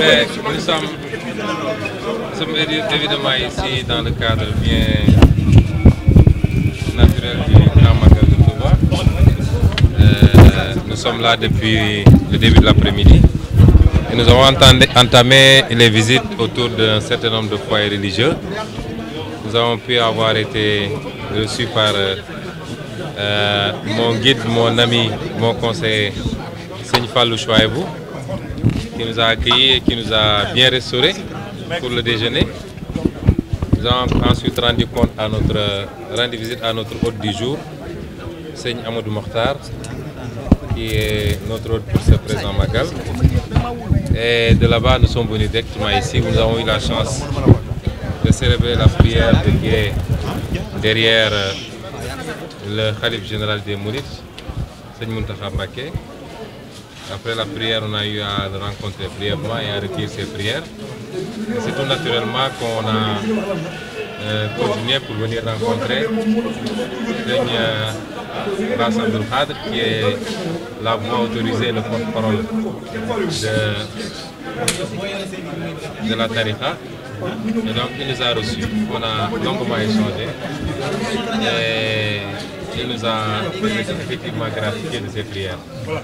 Mais eh, nous sommes, nous sommes évidemment ici dans le cadre bien naturel du Grand Magal de Touba. Eh, sommes là depuis le début de l'après-midi nous avons entamé les visites autour d'un certain nombre de foyers religieux. Nous avons pu avoir été reçus par eh, mon guide, mon ami, mon conseiller, Seigne Fallou Chouaïbou. qui nous a accueillis et qui nous a bien restaurés pour le déjeuner. Nous avons ensuite rendu compte à notre visite à notre hôte du jour, Seigne Amadou Mokhtar, qui est notre hôte pour ce présent Magal. Et de là-bas, nous sommes venus directement ici nous avons eu la chance de célébrer la prière qui est derrière euh, le Khalif général des Mourides, Seigne Mountakha Mbacké. Après la prière, on a eu à rencontrer brièvement et à retirer ses prières. C'est tout naturellement qu'on a euh, pour venir rencontrer Seigneur Bass qui est la voix le parole de, la Tariqa. Et donc, il nous a On a longuement échangé. Et il nous a effectivement gratifié de ses prières. Donc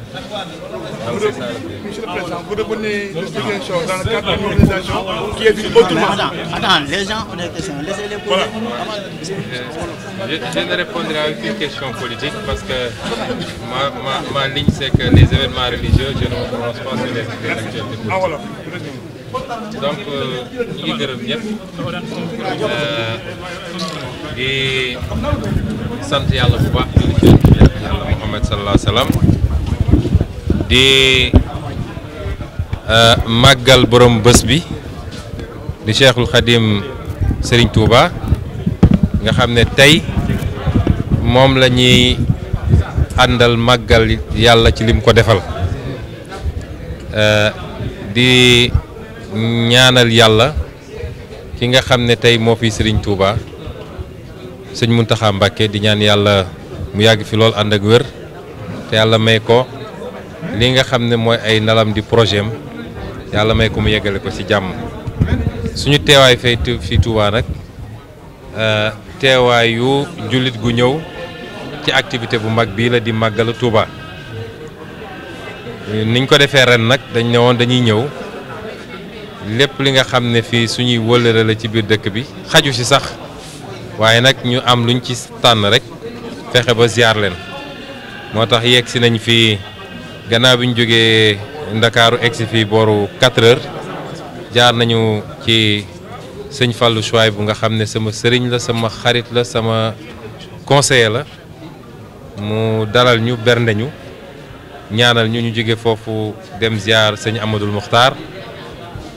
c'est ça. Monsieur le Président, vous revenez de Ziguinchor dans le cadre d'une organisation qui est d'une autre attends, attends, les gens ont des questions. Laissez-les poser. Voilà. Je, je, ne répondrai à aucune question politique parce que ma, ma, ma ligne c'est que les événements religieux, je ne me prononce pas sur les événements religieux. Ah voilà. donc euh, ñu ngi gërëm euh, di sant yàlla bu baax euh, bés bi di Cheikhul Khadim Serigne Touba nga xam ne tey moom la ñuy àndal màggal yàlla ci lim ko defal di. ñaanal yàlla ki nga xam ne tey moo fi Serigne Touba sëñ Mountakha Mbacké di ñaan yàlla mu yàgg fi lool ànd ak wér te yàlla may ko li nga xam ne mooy ay nalam di projet am yàlla may ko mu yeggale ko ci jàmm suñu teewaayu fay fii Touba nag euh, teewaayu jullit gu ñëw ci activité bu mag bii la di màggalu Touba niñ ko defee ren nag dañ ne dañuy ñëw. lépp li nga xam ne fii suñuy wëllëre la ci biir dëkk bi xaju si sax waaye nag ñu am luñ ci tànn rek fexe ba ziar leen moo tax yegg si nañ fii gannaaw bi ñu jógee ndakaaru egsi si fii booru 4 heures jaar nañu ci sëñ Fallou Chouaï bu nga xam ne sama sëriñ la sama xarit la sama conseiller la mu dalal ñu bernde ñu ñaanal ñu ñu jóge foofu dem ziar sëñ Amadou Mokhtar.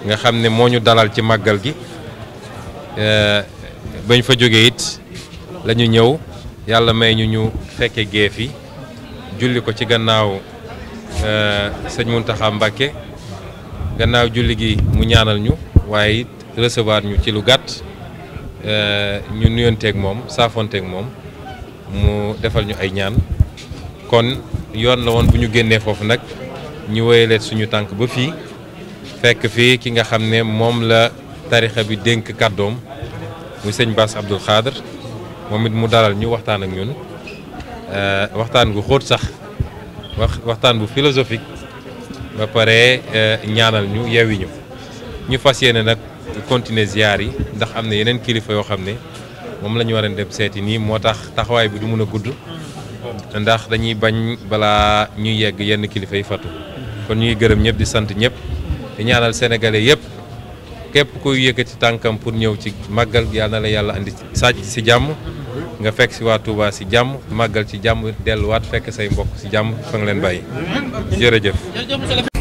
nga xam ne moo ñu dalal ci màggal gi eh, bañ fa jógee it lañu ñëw yàlla may ñu ñu fekke géef yi julli ko ci gannaaw eh, sëñ Muntaxa Mbàkke gannaaw julli gi mu ñaanal ñu waaye it recevoir ñu ci lu gàtt eh, ñu nuyoonteeg moom saafonteeg moom mu defal ñu ay ñaan kon yoon la woon bu ñu génnee foofu nag ñu wéyalee suñu tànk ba fii fekk fii ki nga xam ne moom la tarixa bi dénk kàddoom muy sëñ Bass Abdoul Khadr moom it mu dalal ñu waxtaan ak ñun euh, waxtaan gu xóot sax wax waxtaan bu philosophique ba pare euh, ñaanal ñu yewi ñu ñu fas yéene nag continuer ziar yi ndax am na yeneen kilifa yoo xam ne moom lañu ñu war a dem seeti nii moo tax taxawaay bi du mën a gudd ndax dañuy bañ balaa ñuy yegg yenn kilifa yi fatu kon ñuy gërëm ñëpp di sant ñëpp di ñaanal sénégalais yëpp képp kuy ci tànkam pour ñëw ci màggal yàlla na la yàlla indi sàcc si jàmm nga fekk si waa Touba si jàmm màggal ci jàmm delluwaat fekk say mbokk si jàmm fa nga leen bàyyi jërëjëf